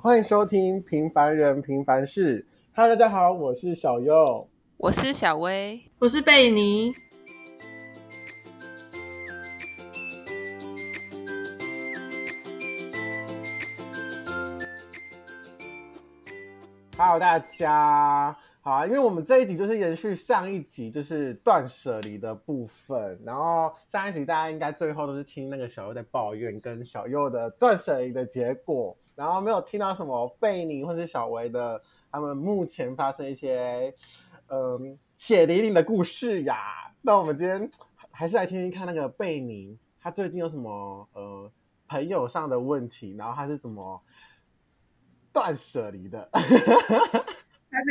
歡迎收聽《平煩人平凡事》。Hello，大家好，我是小優，我是小薇，我是貝尼。 Hello，大家好啊，因為我們這一集就是延續上一集就是斷捨離的部分，然後上一集大家應該最後都是聽那個小優在抱怨跟小優的斷捨離的結果。然後沒有聽到什麼貝尼或是小維的，他們目前發生一些嗯血淋淋的故事呀。那我們今天還是來聽聽看那個貝尼，他最近有什麼呃朋友上的問題，然後他是怎麼斷捨離的？還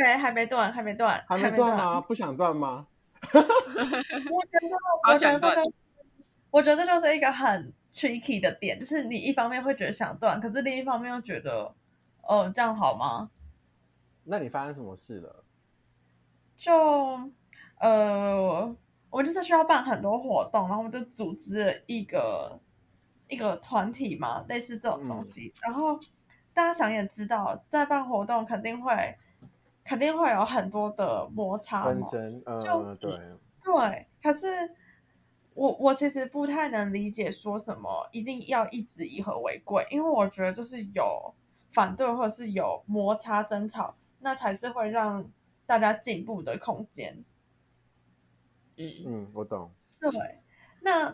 沒、okay，還沒斷，還沒斷，還沒，還沒斷嗎、啊？還沒斷不想斷嗎？ 我覺得，我覺得這、就是、就是一個很。tricky 的點就是你一方面會覺得想斷，可是另一方面又覺得，哦、呃，這樣好嗎？那你發生什麼事了？就呃，我就是需要辦很多活動，然後我就組織一個一個團體嘛，類似這種東西。嗯、然後大家想也知道，在辦活動肯定會肯定會有很多的摩擦，嗯，呃、就對對，可是。我我其實不太能理解說什麼一定要一直以和為貴，因為我覺得就是有反對或者是有摩擦爭吵，那才是會讓大家進步的空間。嗯嗯，我懂。對，那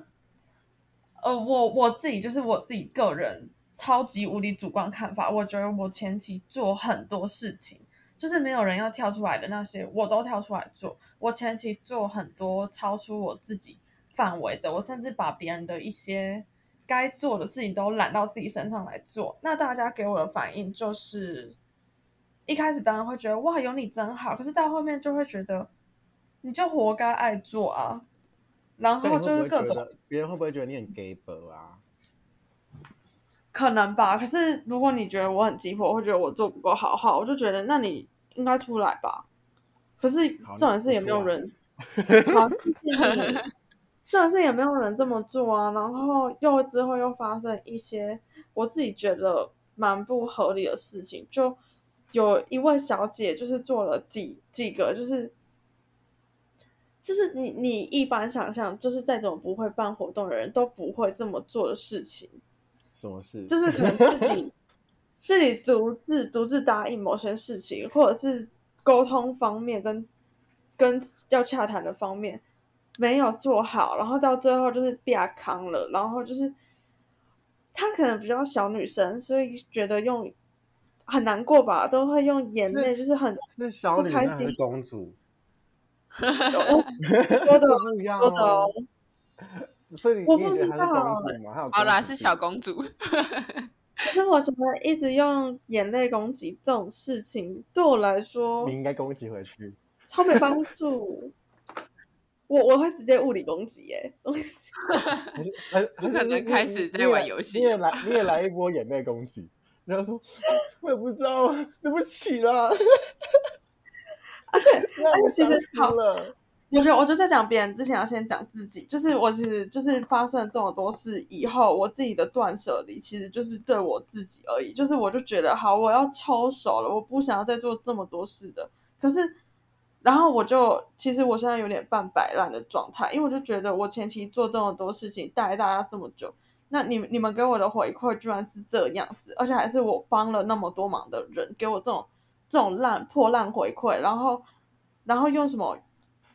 呃，我我自己就是我自己個人超級無敵主觀看法，我覺得我前期做很多事情，就是沒有人要跳出來的那些，我都跳出來做。我前期做很多超出我自己。範圍的，我甚至把別人的一些該做的事情都攬到自己身上來做。那大家給我的反應就是，一開始當然會覺得哇，有你真好，可是到後面就會覺得你就活該愛做啊。然後就是各種別人會不會覺得你很雞婆啊？可能吧。可是如果你覺得我很急迫，會覺得我做不夠好，好，好我就覺得那你應該出來吧。可是這種事也沒有人好 但是也沒有人這麼做啊，然後又之後又發生一些我自己覺得蠻不合理的事情，就有一位小姐就是做了幾幾個、就是，就是就是你你一般想象，就是再怎麼不會辦活動的人都不會這麼做的事情，什麼事？就是可能自己 自己獨自獨自答應某些事情，或者是溝通方面跟跟要洽談的方面。沒有做好，然後到最後就是被壓了，然後就是她可能比較小女生，所以覺得用很難過吧，都會用眼淚，這就是很。是小女生公主。哈哈哈我都，我都。你弟弟還是公主？好啦，是小公主。哈 可是我覺得一直用眼淚攻擊這種事情，對我來說，你應該攻擊回去，超沒幫助。 我我會直接物理攻擊耶、欸！哈哈，很很 可能開始在玩遊戲。你也來，你也來一波眼淚攻擊。然後說：“我也不知道， 對不起了。 ”而且，那我而且其實好了，有沒有？我就在講別人之前，要先講自己。就是我其實就是發生了這麼多事以後，我自己的斷舍離其實就是對我自己而已。就是我就覺得好，我要抽手了，我不想要再做這麼多事的。可是。然後我就其實我現在有點半擺爛的狀態，因為我就覺得我前期做這麼多事情帶大家這麼久，那你你們給我的回饋居然是這樣子，而且還是我幫了那麼多忙的人給我這種這種爛破爛回饋，然後然後用什麼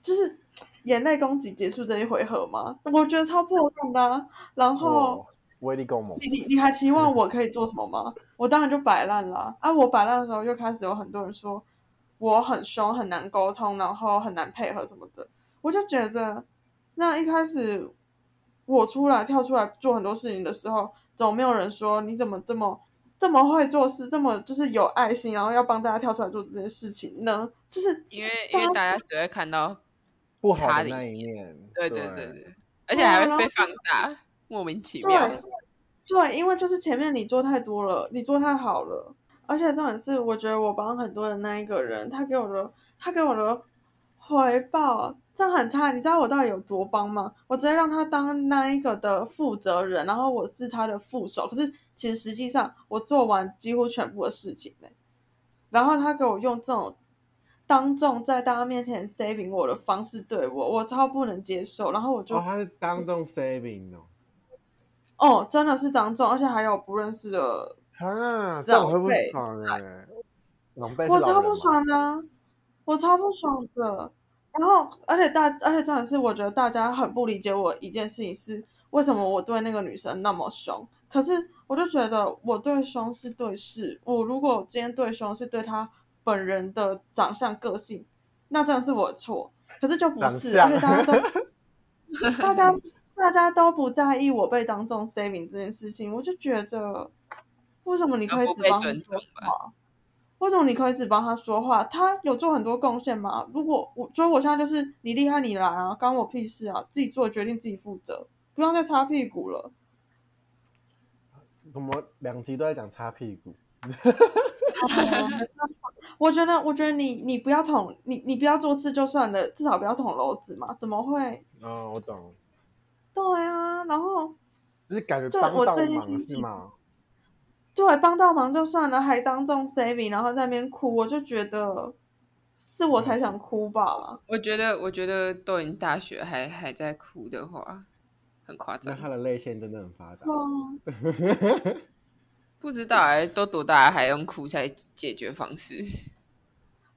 就是眼淚攻擊結束這一回合嗎？我覺得超破爛的、啊。然後威、哦、你你還希望我可以做什麼嗎？我當然就擺爛了啊！啊我擺爛的時候就開始有很多人說。我很兇，很難溝通，然後很難配合什麼的。我就覺得，那一開始我出來跳出來做很多事情的時候，總沒有人說你怎麼這麼這麼會做事，這麼就是有愛心，然後要幫大家跳出來做這件事情呢？就是因為因為大家只會看到不好的那一面，對對對，對對了，而且還會被放大，莫名其妙，對對。對，因為就是前面你做太多了，你做太好了。而且重點是，我覺得我幫很多的那一個人，他給我的，他給我的回報這樣很差。你知道我到底有多幫嗎？我直接讓他當那一個的負責人，然後我是他的副手。可是其實實際上我做完幾乎全部的事情，欸、然後他給我用這種當眾在大家面前 saving 我的方式對我，我超不能接受。然後我就、哦、他是當眾 saving 哦、嗯，哦，真的是當眾，而且還有不認識的。啊！怎我會不爽、欸、輩我超不爽的，我超不爽的。然後，而且大，而且真的是，我覺得大家很不理解我一件事情是：為什麼我對那個女生那麼凶？可是，我就覺得我對凶是對事。我如果今天對凶是對她本人的長相、個性，那真的是我的錯。可是就不是，因為相大家都， 大家大家都不在意我被當眾 saving 這件事情，我就覺得。為什麼你可以只幫他說話？為什麼你可以只幫他說話？他有做很多貢獻嗎？如果我，所以我現在就是你厲害，你來啊，關我屁事啊！自己做決定，自己負責，不要再擦屁股了。怎麼兩集都在講擦屁股？我覺得，我覺得你你不要捅，你你不要做事就算了，至少不要捅婁子嘛？怎麼會？嗯，我懂。對啊，然後就是感覺幫到忙，對，我最近心情，是嗎？出來對，幫倒忙就算了，還當眾 saving，然後在那邊哭，我就覺得是我才想哭吧。嗯、我覺得，我覺得都已經大學還還在哭的話，很誇張。那他的淚腺真的很發達。嗯、 不知道啊、欸，都多大還用哭才解決方式？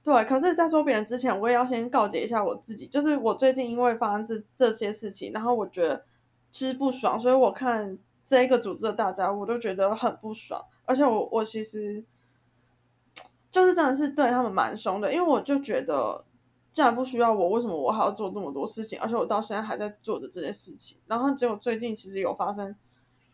對，可是，在說別人之前，我也要先告誡一下我自己，就是我最近因為發生這這些事情，然後我覺得是不爽，所以我看這一個組織的大家，我都覺得很不爽。而且我我其實就是真的是對他們蠻兇的，因為我就覺得，既然不需要我，為什麼我還要做那麼多事情？而且我到現在還在做着這件事情。然後結果最近其實有發生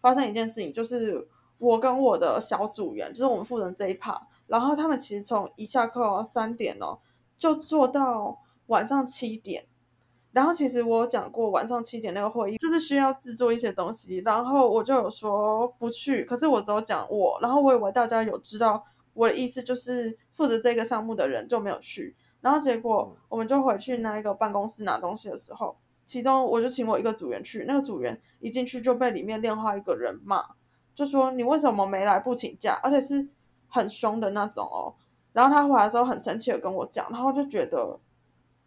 發生一件事情，就是我跟我的小組員，就是我們負責人這一趴，然後他們其實從一下課三點哦，就做到晚上七點。然後其實我有講過晚上七點那個會議，就是需要製作一些東西。然後我就有說不去，可是我只有講我。然後我以為大家有知道我的意思，就是負責這個項目的人就沒有去。然後結果我們就回去那一個辦公室拿東西的時候，其中我就請我一個組員去，那個組員一進去就被裡面另外一個人罵，就說你為什麼沒來不請假，而且是很凶的那種哦。然後他回來的時候很生氣的跟我講，然後就覺得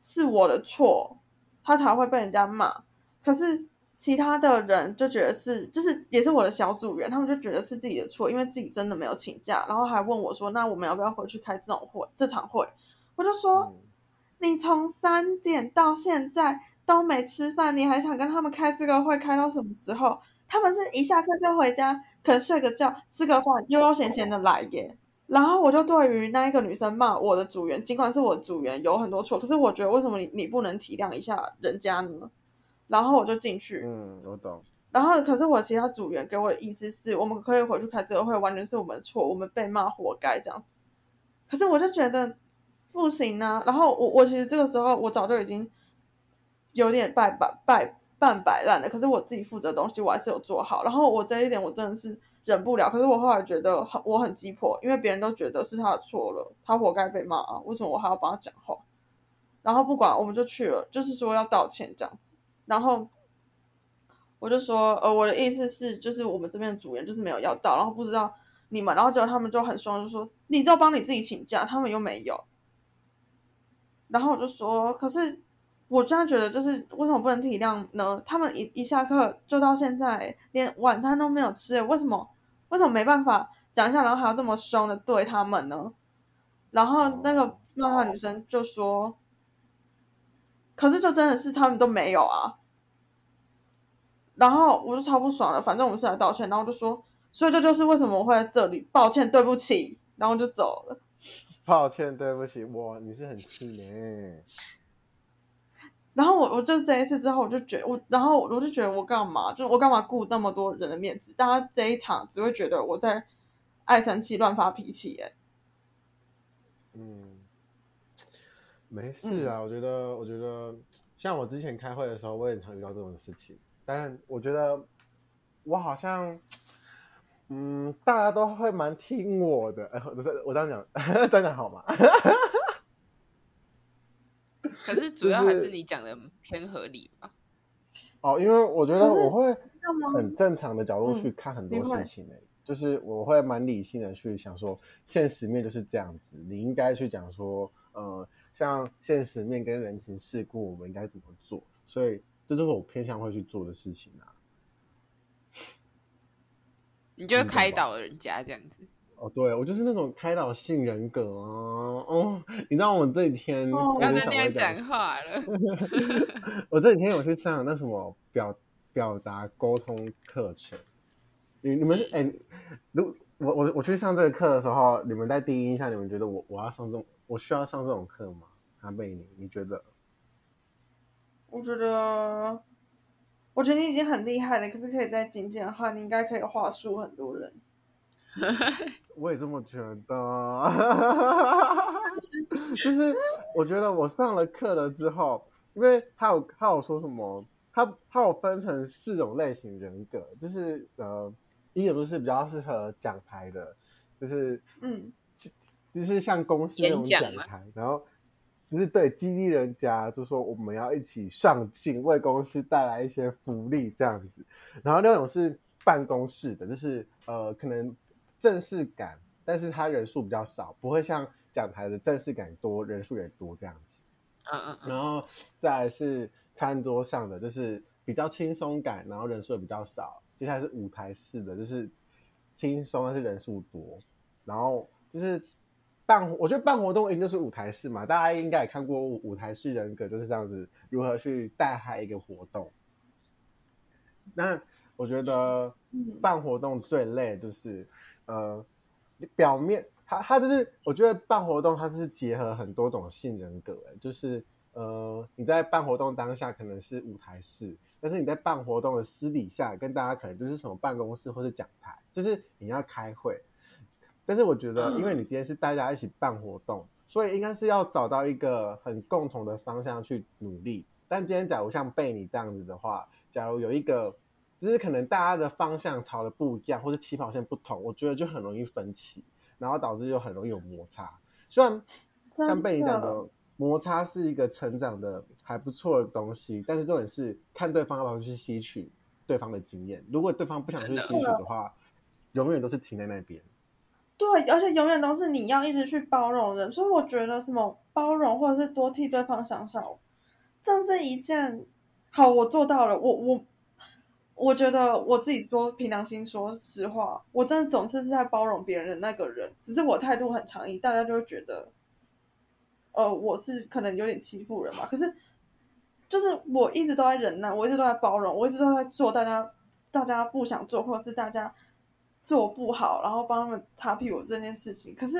是我的錯。他才會被人家罵，可是其他的人就覺得是，就是也是我的小組員，他們就覺得是自己的錯，因為自己真的沒有請假，然後還問我說，那我們要不要回去開這種會，這場會？我就說，嗯、你從三點到現在都沒吃飯，你還想跟他們開這個會，開到什麼時候？他們是一下課就回家，可能睡個覺，吃個飯，悠悠閒閒的來耶。然後我就對於那一個女生罵我的組員，儘管是我的組員有很多錯，可是我覺得為什麼你你不能體諒一下人家呢？然後我就進去，嗯，我懂。然後可是我其他組員給我的意思是我們可以回去開這個會，完全是我們的錯，我們被罵活該這樣子。可是我就覺得不行呢。然後我我其實這個時候我早就已經有點擺擺擺，擺，擺半擺爛了，可是我自己負責的東西我還是有做好。然後我這一點我真的是。忍不了，可是我後來覺得很我很雞婆，因為別人都覺得是他的錯了，他活該被罵啊，為什麼我還要幫他講話？然後不管，我們就去了，就是說要道歉這樣子。然後我就說，呃，我的意思是，就是我們這邊的組員就是沒有要到，然後不知道你們，然後結果他們就很凶，就說你只有幫你自己請假，他們又沒有。然後我就說，可是我真的覺得，就是為什麼不能體諒呢？他們一一下課就到現在，連晚餐都沒有吃，為什麼？為什麼沒辦法講一下，然後還要這麼凶的對他們呢？然後那個漫畫女生就說：“可是就真的是他們都沒有啊。”然後我就超不爽了。反正我是來道歉，然後我就說：“所以這就是為什麼我會在這裡。”抱歉，對不起，然後我就走了。抱歉，對不起，我你是很氣呢。然後我我就這一次之後我就覺得我，然後我就覺得我幹嘛？就我幹嘛顧那麼多人的面子？大家這一場只會覺得我在愛生氣、亂發脾氣耶、欸。嗯，沒事啊，嗯、我覺得，我覺得，像我之前開會的時候，我也常遇到這種事情，但我覺得我好像，嗯，大家都會蠻聽我的。呃、我這樣講呵呵，這樣講好嗎？ 可是主要還是你講的偏合理吧，就是？哦，因為我覺得我會很正常的角度去看很多事情呢、欸，嗯、就是我會蠻理性的去想說，現實面就是這樣子，你應該去講說，呃，像現實面跟人情世故，我們應該怎麼做？所以這就是我偏向會去做的事情。啊、你就開導人家這樣子。哦，對我就是那種開導性人格哦、啊、哦，你知道我這幾天，哦、我跟小薇講話了。 我這幾天有去上那什麼表表達溝通課程，你你們哎，如我我我去上這個課的時候，你們在第一印象你們覺得我我要上這種我需要上這種課嗎？阿貝你你覺得？我覺得，我覺得你已經很厲害了，可是可以再精進的話，你應該可以話術很多人。 我也這麼覺得， 就是我覺得我上了課了之後，因為他有他有說什麼，他他有分成四種類型人格，就是呃，一種就是比較適合講台的，就是嗯，嗯，就是像公司那種講台，講然後就是對激勵人家，就說我們要一起上進，為公司帶來一些福利這樣子。然後另一種是辦公室的，就是呃，可能。正式感，但是它人數比較少，不會像講台的正式感多，人數也多這樣子。嗯嗯，然後再來是餐桌上的，就是比較輕鬆感，然後人數也比較少。接下來是舞台式的，就是輕鬆但是人數多，然後就是辦，我覺得辦活動一定就是舞台式嘛，大家應該也看過舞台式人格就是這樣子如何去帶嗨一個活動。那我覺得。辦活動最累就是，呃，表面他他就是，我覺得辦活動他是結合很多種性人格，就是呃，你在辦活動當下可能是舞台式，但是你在辦活動的私底下跟大家可能就是什麼辦公室或是講台，就是你要開會。但是我覺得，因為你今天是大家一起辦活動，嗯、所以應該是要找到一個很共同的方向去努力。但今天假如像貝 ni 這樣子的話，假如有一個。只是可能大家的方向朝的不一樣，或是起跑線不同，我覺得就很容易分歧，然後導致就很容易有摩擦。雖然像貝妮講的，真的摩擦是一個成長的還不錯的東西，但是重點是看對方要不要去吸取對方的經驗。如果對方不想去吸取的話，真的永遠都是停在那邊。對，而且永遠都是你要一直去包容人，所以我覺得什麼包容或者是多替對方想想，正是一件好。我做到了，我我。我覺得我自己說，憑良心說實話，我真的總是是在包容別人的那個人，只是我態度很強硬，大家就會覺得，呃，我是可能有點欺負人嘛。可是，就是我一直都在忍耐，我一直都在包容，我一直都在做大家大家不想做，或者是大家做不好，然後幫他們擦屁股這件事情。可是，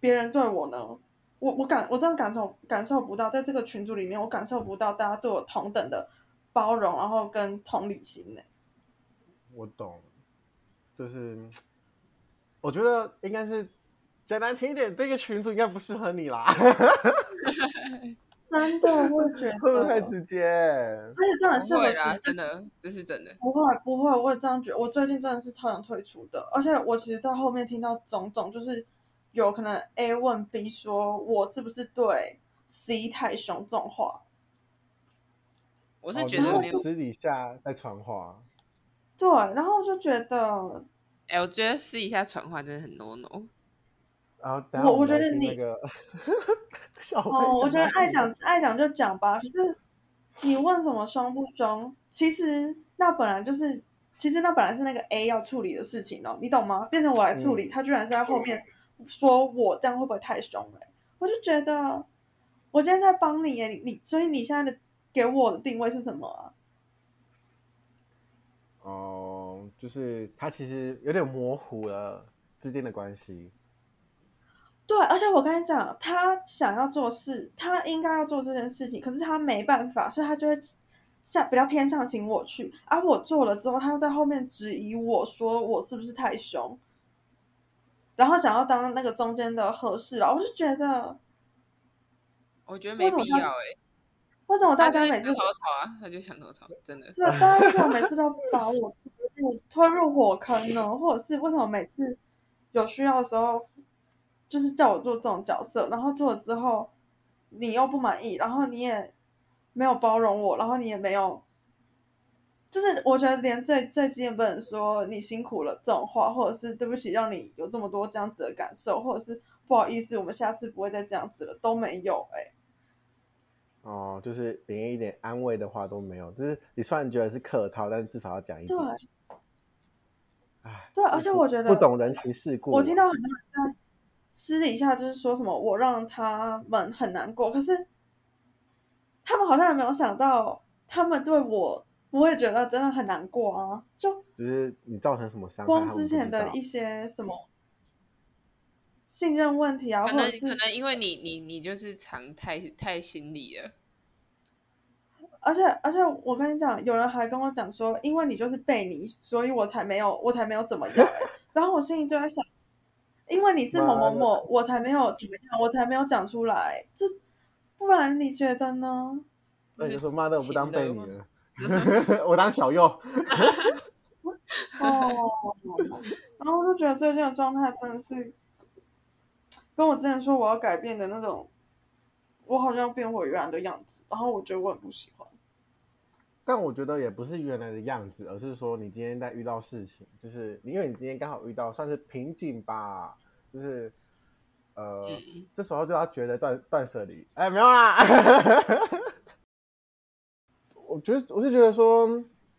別人對我呢，我我感我真的感受感受不到，在這個群組裡面，我感受不到大家對我同等的包容，然後跟同理心呢？我懂，就是我覺得應該是簡單聽一點，這個群組應該不適合你啦。 真的，我覺得會不會太直接？而且這是實真的很不會真的這是真的，不會不會，我也這樣覺得。我最近真的是超想退出的，而且我其實在後面聽到種種，就是有可能 A 問 B 說我是不是對 C 太凶這種話。我是覺得、哦就是、私底下在傳話、啊，對，然後就覺得，哎，我覺得私底下傳話真的很 low low 然後等我我覺得你,我、那個你哦，我覺得愛講愛講就講吧。可 是你問什麼凶不凶？其實那本來就是，其實那本來是那個 A 要處理的事情哦，你懂嗎？變成我來處理，嗯、他居然是在後面說我這樣會不會太凶了、欸？我就覺得我今天在幫你耶，你你，所以你現在的。給我的定位是什麼、啊？哦，uh, 就是他其實有點模糊了之間的關係。對，而且我跟你講，他想要做事，他應該要做這件事情，可是他沒辦法，所以他就會向比較偏向請我去，而、啊、我做了之後，他又在後面質疑我說我是不是太凶，然後想要當那個中間的和事佬，然後我就覺得，我覺得沒必要哎。為什麼大家每次吐槽啊？啊，他就想吐槽，真的。對， 大家為什麼每次都把我推入、入火坑呢？或者是為什麼每次有需要的時候，就是叫我做這種角色，然後做了之後，你又不滿意，然後你也沒有包容我，然後你也沒有，就是我覺得連最最基本的說你辛苦了這種話，或者是對不起讓你有這麼多這樣子的感受，或者是不好意思我們下次不會再這樣子了都沒有哎、欸。哦，就是連一點安慰的話都沒有，就是你雖然覺得是客套，但是至少要講一句。對，唉對，不而且我覺得不懂人情世故。我聽到很多人在私底下就是說什麼，我讓他們很難過，可是他們好像也沒有想到，他們對我，我也覺得真的很難過啊。就只是你造成什麼傷？光之前的一些什麼？信任問題啊，或者是可能可能因為你你你就是長太太心理了，而且而且我跟你講，有人還跟我講說，因為你就是貝尼，所以我才沒有，我才沒有怎麼樣。 然後我心裡就在想，因為你是某某某，了我才沒有怎麼樣，我才沒有講出來。這不然你覺得呢？那你說，媽的，我不當貝尼了， 我當小右。哦，然後我就覺得最近的狀態真的是。跟我之前說我要改變的那種，我好像變回原來的樣子，然後我覺得我很不喜歡。但我覺得也不是原來的樣子，而是說你今天在遇到事情，就是因為你今天剛好遇到算是瓶頸吧，就是呃，嗯，這時候就要覺得斷斷捨離。哎，沒有啦， 我覺得，我就覺得說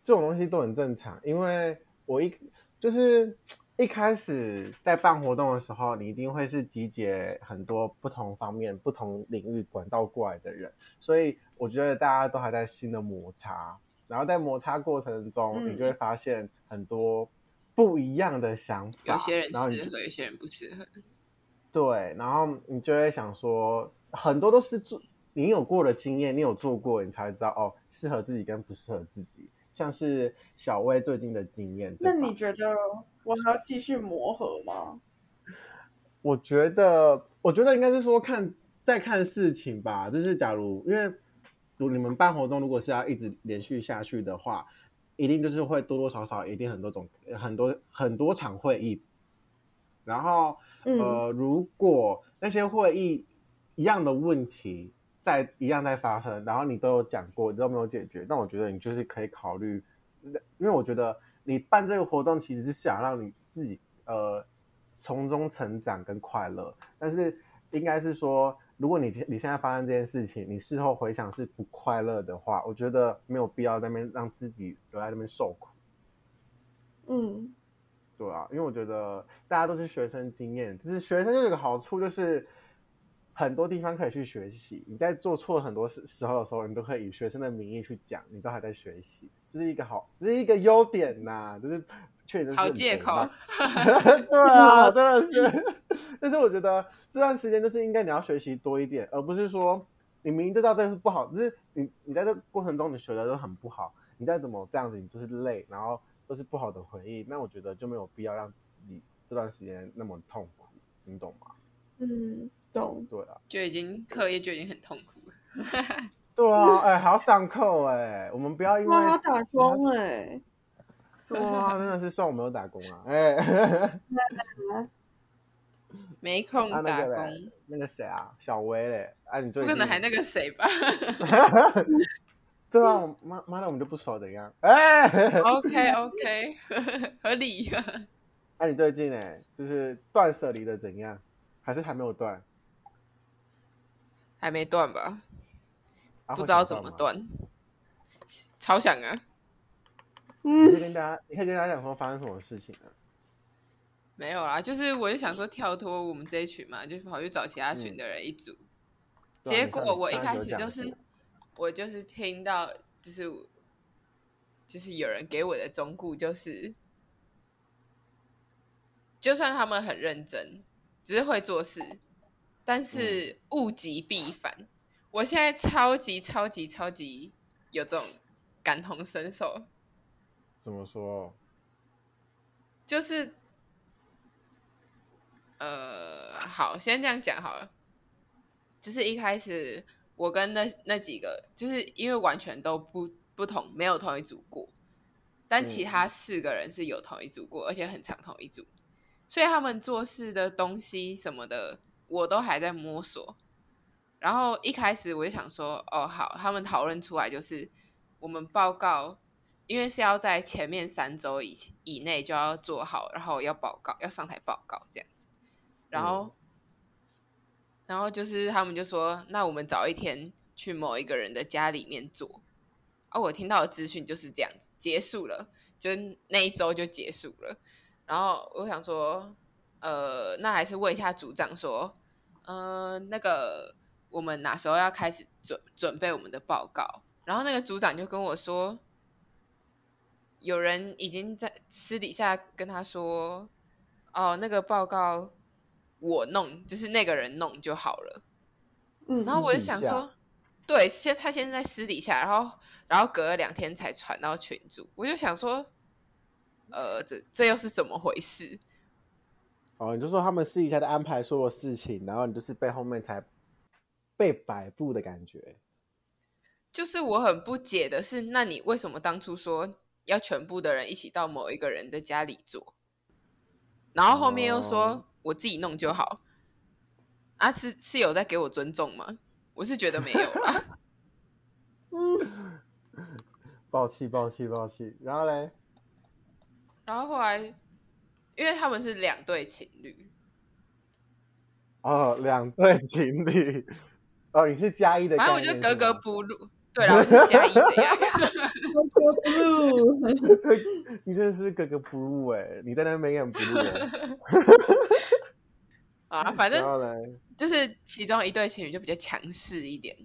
這種東西都很正常，因為我一就是。一開始在辦活動的時候，你一定會是集結很多不同方面、不同領域管道過來的人，所以我覺得大家都還在新的摩擦，然後在摩擦過程中，嗯、你就會發現很多不一樣的想法，有些人適合，有些人不適合，對，然後你就會想說，很多都是做你有過的經驗，你有做過，你才知道哦，適合自己跟不適合自己，像是小薇最近的經驗，那你覺得？我還要繼續磨合嗎？我覺得，我覺得應該是說看再看事情吧。就是假如因為如你們辦活動，如果是要一直連續下去的話，一定就是會多多少少，一定很多種，很多很多場會議。然後，呃，嗯，如果那些會議一樣的問題在一樣在發生，然後你都有講過，你都沒有解決，那我覺得你就是可以考慮，因為我覺得。你辦這個活動其實是想讓你自己呃從中成長跟快樂，但是應該是說，如果你你現在發生這件事情，你事後回想是不快樂的話，我覺得沒有必要在那邊讓自己留在那邊受苦。嗯，對啊，因為我覺得大家都是學生經驗，只是學生就有一個好處就是。很多地方可以去學習。你在做錯很多時時候的時候，你都可以以學生的名義去講，你都還在學習，這是一個好，這是一個優點吶、啊，就是確實是好借口，啊 對啊，真、 啊、的是。 但是我覺得這段時間就是應該你要學習多一點，而不是說你明明知道這是不好，就是你你在這過程中你學的都很不好，你再怎麼這樣子，你就是累，然後都是不好的回憶。那我覺得就沒有必要讓自己這段時間那麼痛苦，你懂嗎？嗯。對啊、嗯，就已經課業就已經很痛苦了。 對啊，哎、欸，還要上課哎、欸， 我們不要因為要打工哎、欸， 哇，真、那、的、個、是算我沒有打工啊，哎、欸， 沒空打工、啊那個。那個誰啊，小薇嘞？哎、啊，你最近可能還那個誰吧？ 對啊，我媽媽的，我們就不熟怎樣？哎、欸、 ，OK OK， 合理了。哎、啊，你最近呢？就是斷捨離的怎樣？還是還沒有斷？還沒斷吧？啊、不知道怎麼斷，想超想啊！嗯，可以跟大家，你可以跟大家講說發生什麼事情了、啊。嗯、沒有啦，就是我就想說跳脫我們這一群嘛，就是跑去找其他群的人一組。嗯、結果我一開始就是，我就是聽到就是就是有人給我的忠告，就是就算他們很認真，只是會做事。但是物極必反，嗯、我現在超級超級超級有這種感同身受。怎麼說、哦？就是，呃，好，先這樣講好了。就是一開始我跟那那幾個，就是因為完全都不不同，沒有同一組過。但其他四個人是有同一組過，嗯、而且很常同一組，所以他們做事的東西什麼的，我都還在摸索，然後一開始我就想說，哦好，他們討論出來就是，我們報告，因為是要在前面三周以以內就要做好，然後要報告，要上台報告這樣子，然後，嗯、然後就是他們就說，那我們早一天去某一個人的家裡面做，啊，我聽到的資訊就是這樣子，結束了，就那一周就結束了，然後我想說。呃，那還是問一下組長說，呃，那個我們哪時候要開始準準備我們的報告？然後那個組長就跟我說，有人已經在私底下跟他說，哦、呃，那個報告我弄，就是那個人弄就好了。嗯，然後我就想說，對，現他現在私底下，然後然後隔了兩天才傳到群組，我就想說，呃，這這又是怎麼回事？哦，你就說他們私底下的安排所有事情，然後你就是被後面才被擺布的感覺。就是我很不解的是，那你為什麼當初說要全部的人一起到某一個人的家裡做，然後後面又說、哦、我自己弄就好？啊，是是有在給我尊重嗎？我是覺得沒有了。 嗯，爆氣，爆氣，爆氣，然後呢？然後後來。因為他們是兩對情侶，哦，兩對情侶，哦，你是加一的感覺，反正我就格格不入，對啦，我是加一的呀，格格不入，你真的是格格不入哎，你在那邊也很不入 啊，反正就是其中一對情侶就比較強勢一點，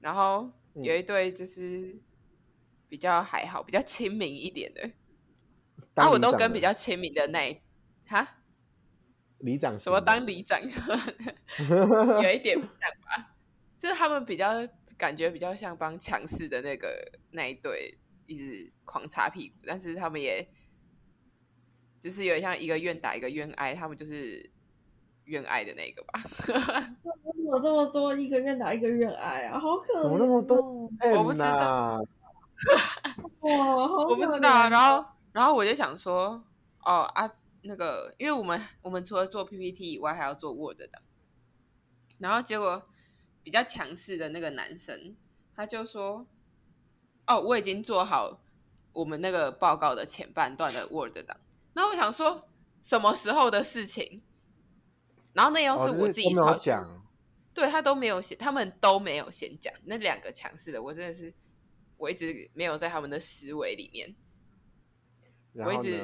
然後有一對就是比較還好，嗯、比較親民一點的。啊！我都跟比較親密的那一，哈，里長什麼當里長， 有一點不像吧？ 就是他們比較感覺比較像幫強勢的那個那一對，一直狂擦屁股。但是他們也，就是有點像一個願打一個願挨，他們就是願挨的那個吧？怎麼這麼多一個願打一個願挨啊？好可憐，怎麼那麼多、啊？啊麼麼多啊、我不知道，我不知道，然後。然後我就想說，哦啊，那個，因為我們我們除了做 PPT 以外，還要做 Word 的。然後結果比較強勢的那個男生，他就說，哦，我已經做好我們那個報告的前半段的 Word 的。然後我想說，什麼時候的事情？然後那又是我自己、哦、沒有講，對，他都沒有寫，他們都沒有先講。那兩個強勢的，我真的是我一直沒有在他們的思維裡面。我一直，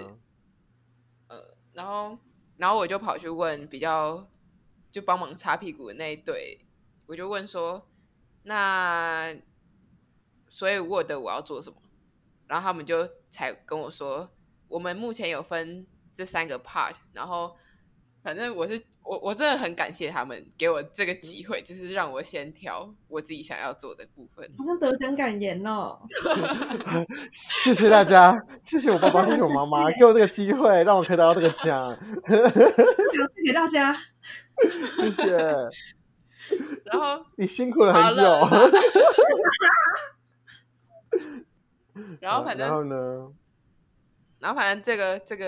呃，然後，然後我就跑去問比較，就幫忙擦屁股的那一對，我就問說，那所以 word 我，我要做什麼？然後他們就才跟我說，我們目前有分這三個 part，然後。反正我是我，我真的很感謝他們給我這個機會，就是讓我先挑我自己想要做的部分。好像得獎感言哦。 謝謝大家，謝謝我爸爸， 謝謝我媽媽，給我這個機會，讓我可以拿到這個獎。 謝謝大家， 謝謝。 然後你辛苦了很久。然後反正 然後呢？然後反正這個這個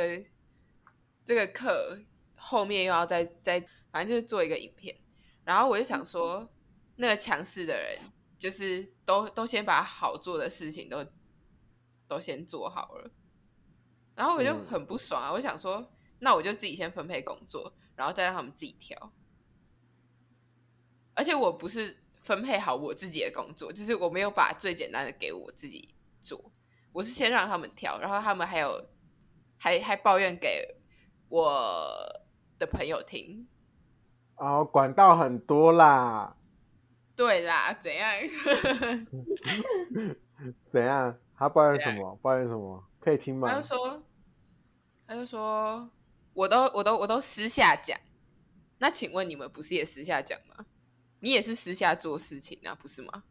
這個課。後面又要再再，反正就是做一個影片，然後我就想說，那個強勢的人就是都都先把好做的事情都都先做好了，然後我就很不爽啊，我想說，那我就自己先分配工作，然後再讓他們自己挑。而且我不是分配好我自己的工作，就是我沒有把最簡單的給我自己做，我是先讓他們挑，然後他們還有還還抱怨給我。的朋友聽，哦，oh, 管道很多啦，對啦，怎樣？ 怎樣？他抱怨什麼？抱怨樣什麼？可以聽嗎？他就說，他就說，我都我都我都私下講。那請問你們不是也私下講嗎？你也是私下做事情啊，不是嗎？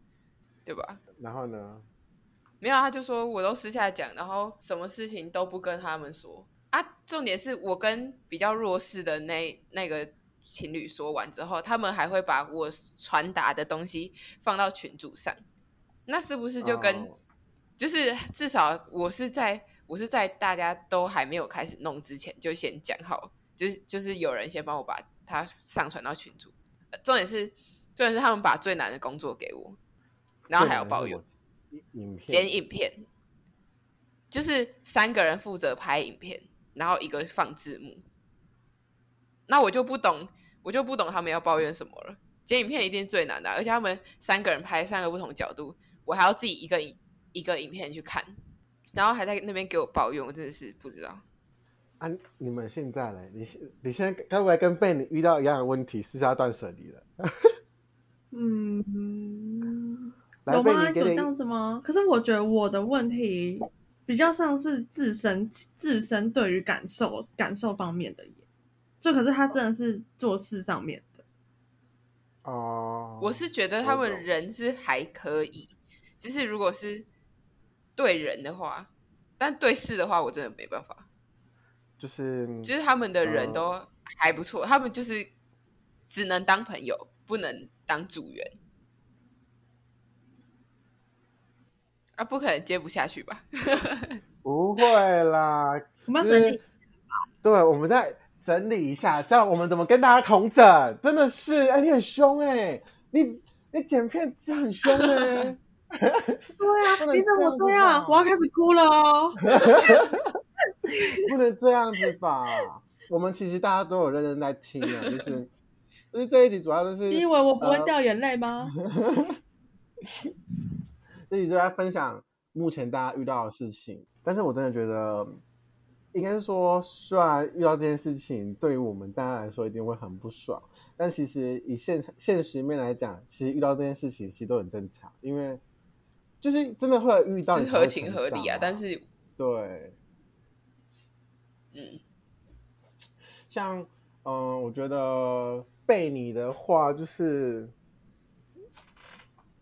對吧？然後呢？沒有，他就說我都私下講，然後什麼事情都不跟他們說。啊，重點是我跟比較弱勢的那那個情侶說完之後，他們還會把我傳達的東西放到群組上，那是不是就跟、oh. 就是至少我是在我是在大家都還沒有開始弄之前就先講好，就是就是有人先幫我把它上傳到群組，呃、重點是重點是他們把最難的工作給我，然後還要包郵，對剪影片,影片，就是三個人負責拍影片。然後一個放字幕，那我就不懂，我就不懂他們要抱怨什麼了。剪影片，一定是最難的啊，而且他們三個人拍三個不同角度，我還要自己一個影一個影片去看，然後還在那邊給我抱怨，我真的是不知道。啊，你們現在呢？你你現在剛才跟貝 ni 遇到一樣的問題，是不是要斷捨離了？ 嗯。有嗎？有這樣子嗎？可是我覺得我的問題。比較像是自身自身對於感受感受方面的，這可是他真的是做事上面的哦。Uh, 我是覺得他們人是還可以，uh, okay. 只是如果是對人的話，但對事的話我真的沒辦法。就是就是他們的人都還不錯，uh, 他們就是只能當朋友，不能當組員。啊，不可能接不下去吧？ 不會啦，就是、我們要整理一下對，我們再整理一下，這樣我們怎麼跟大家同枕？真的是，哎，你很凶哎、欸，你你剪片子很凶哎，對呀，你怎麼這樣？ 我要開始哭了哦， 不能這樣子吧？我們其實大家都有認真在聽啊，就是，就是這一集主要就是，因為我不會掉眼淚嗎？ 所以就一直在分享目前大家遇到的事情，但是我真的覺得，應該是說，雖然遇到這件事情對於我們大家來說一定會很不爽，但其實以現現實面來講，其實遇到這件事情其實都很正常，因為就是真的會遇到你會，合情合理啊。但是，對，嗯，像嗯、呃，我覺得貝 ni 的話就是。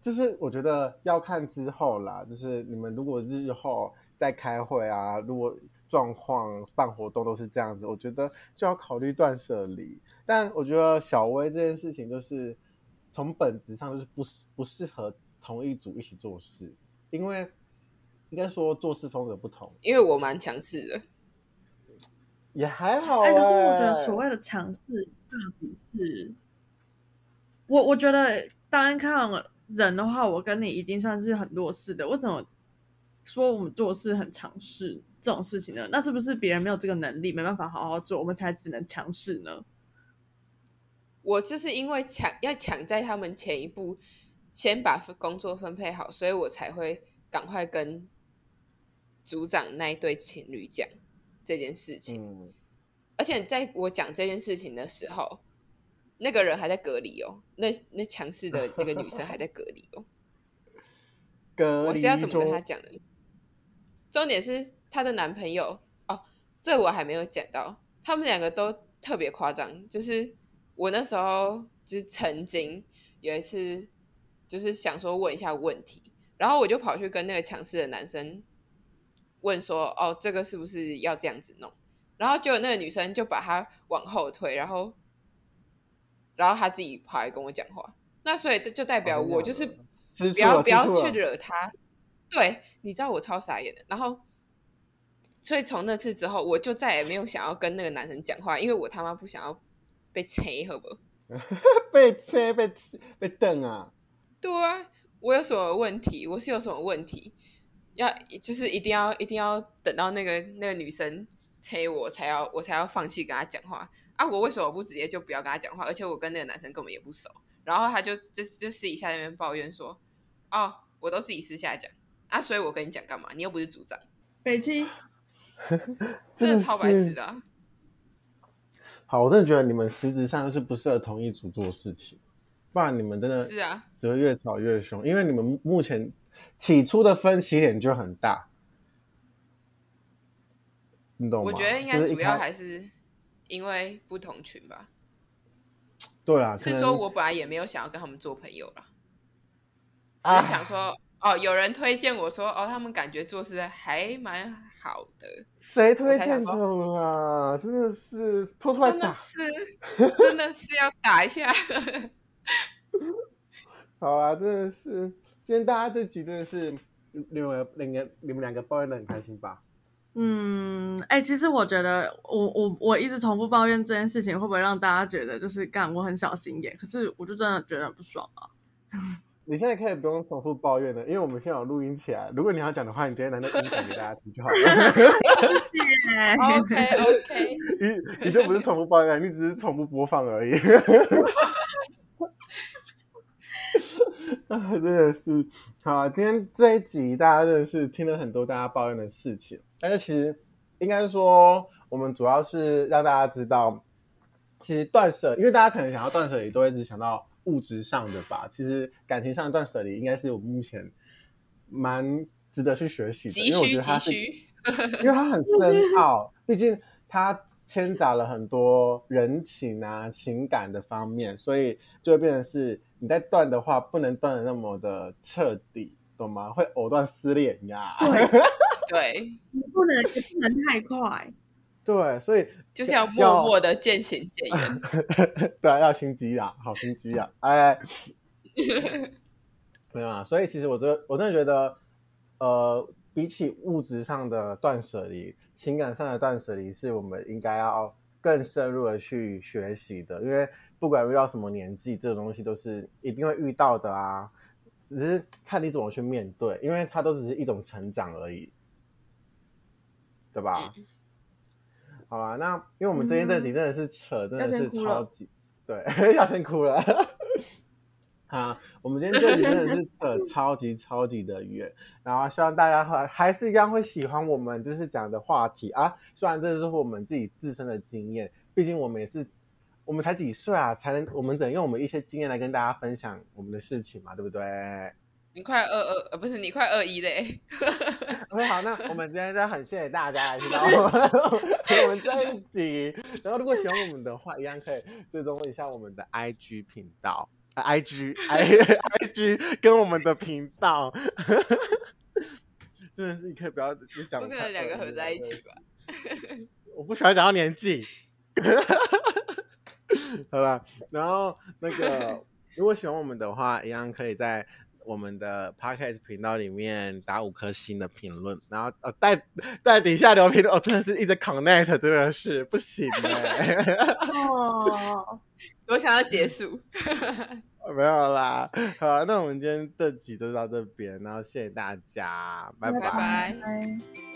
就是我覺得要看之後啦，就是你們如果日後再開會啊，如果狀況辦活動都是這樣子，我覺得就要考慮斷捨離。但我覺得小薇這件事情就是從本質上就是不適不適合同一組一起做事，因為應該說做事風格不同。因為我蠻強勢的，也還好、欸。哎，可是我覺得所謂的強勢，到底是……我我覺得當然看了。人的話，我跟你已經算是很弱勢的。為什麼說我們做事很強勢這種事情呢？那是不是別人沒有這個能力，沒辦法好好做，我們才只能強勢呢？我就是因為搶要搶在他們前一步，先把工作分配好，所以我才會趕快跟組長那一對情侶講這件事情。嗯、而且在我講這件事情的時候。那個人還在隔離哦，那那強勢的那個女生還在隔離哦。 隔離中。我是要怎麼跟她講呢？重點是她的男朋友哦，這我還沒有講到。他們兩個都特別誇張，就是我那時候就是曾經有一次，就是想說問一下問題，然後我就跑去跟那個強勢的男生問說：“哦，這個是不是要這樣子弄？”然後結果那個女生就把他往後推，然後。然後他自己跑來跟我講話，那所以就代表我就是不要不要去惹他。對，你知道我超傻眼的。然後，所以從那次之後，我就再也沒有想要跟那個男生講話，因為我他媽不想要被催，好不好 被？被催、被被瞪啊！對啊，我有什麼問題？我是有什麼問題？要就是一定要一定要等到那個那個女生催我才要我才要放棄跟他講話。啊！我為什麼不直接就不要跟他講話？而且我跟那個男生根本也不熟。然後他就就就，就私底下在那邊抱怨說：“哦，我都自己私下講啊，所以我跟你講幹嘛？你又不是組長。”北極、北京、啊、真的超白痴的、啊。好，我真的覺得你們實質上就是不適合同一組做事情，不然你們真的是啊，只會越吵越凶。因為你們目前起初的分歧點就很大，你懂嗎？我覺得應該主要還是。因為不同群吧，對啦，是說我本來也沒有想要跟他們做朋友啦，就、啊、想說哦，有人推薦我說哦，他們感覺做事還蠻好的。誰推薦他們啊？真的是拖出來打，真的是真的是要打一下。 好啊，真的是今天大家這集真的是你們兩個你們兩個抱怨得很開心吧？嗯，哎、欸，其實我覺得我，我我我一直重複抱怨這件事情，會不會讓大家覺得就是幹我很小心眼？可是我就真的覺得很不爽啊！你現在可以不用重複抱怨了，因為我們現在有錄音起來。如果你要講的話，你直接拿那音帶給大家聽就好了。 OK OK，你你就不是重複抱怨，你只是重複播放而已。 啊、真的是好、啊，今天這一集大家真的是聽了很多大家抱怨的事情。但是其實應該說，我們主要是讓大家知道，其實斷舍，因為大家可能想到斷捨離，都會一直想到物質上的吧。其實感情上的斷捨離，應該是我們目前蠻值得去學習的，因為我覺得它是，因為它很深奧， 畢竟它牽雜了很多人情啊、情感的方面，所以就會變成是你在斷的話，不能斷的那麼的徹底，懂嗎？會藕斷絲連呀。對，不能不能太快。對， 所以就是要默默的漸要行漸遠。 對啊，要心機啊，好心機啊！哎，哎， 沒有啊。所以其實我真我真的覺得，呃，比起物質上的斷捨離，情感上的斷捨離是我們應該要更深入的去學習的。因為不管遇到什麼年紀，這個東西都是一定會遇到的啊，只是看你怎麼去面對，因為它都只是一種成長而已。對吧？對好吧，啊，那因為我們今天這集真的是扯，嗯、真的是超級對，要先哭了。 好，啊，我們今天這集真的是扯 超級超級的遠，然後希望大家會還是一樣會喜歡我們，就是講的話題啊。雖然這是我們自己自身的經驗，畢竟我們也是，我們才幾歲啊，才能我們只能用我們一些經驗來跟大家分享我們的事情嘛，對不對？你快二二呃，不是你，你快二一嘞。 Okay, 好，那我們今天真的很謝謝大家來到 我們在一起。 然後，如果喜歡我們的話，一樣可以追蹤一下我們的 IG 頻道，啊，IG I IG 跟我們的頻道。真 的是，你可以不要講。你不，不可能兩個合在一起吧？ 我不喜歡講到年紀。 好吧，然後那個，如果喜歡我們的話，一樣可以在。我們的 podcast 頻道裡面打五顆星的評論，然後呃，在、在底下留評論，哦，真的是一直 connect，真的是不行欸。哦，我想要結束。 沒有啦，好、啊，那我們今天這集就到這邊，然後謝謝大家，拜拜拜拜。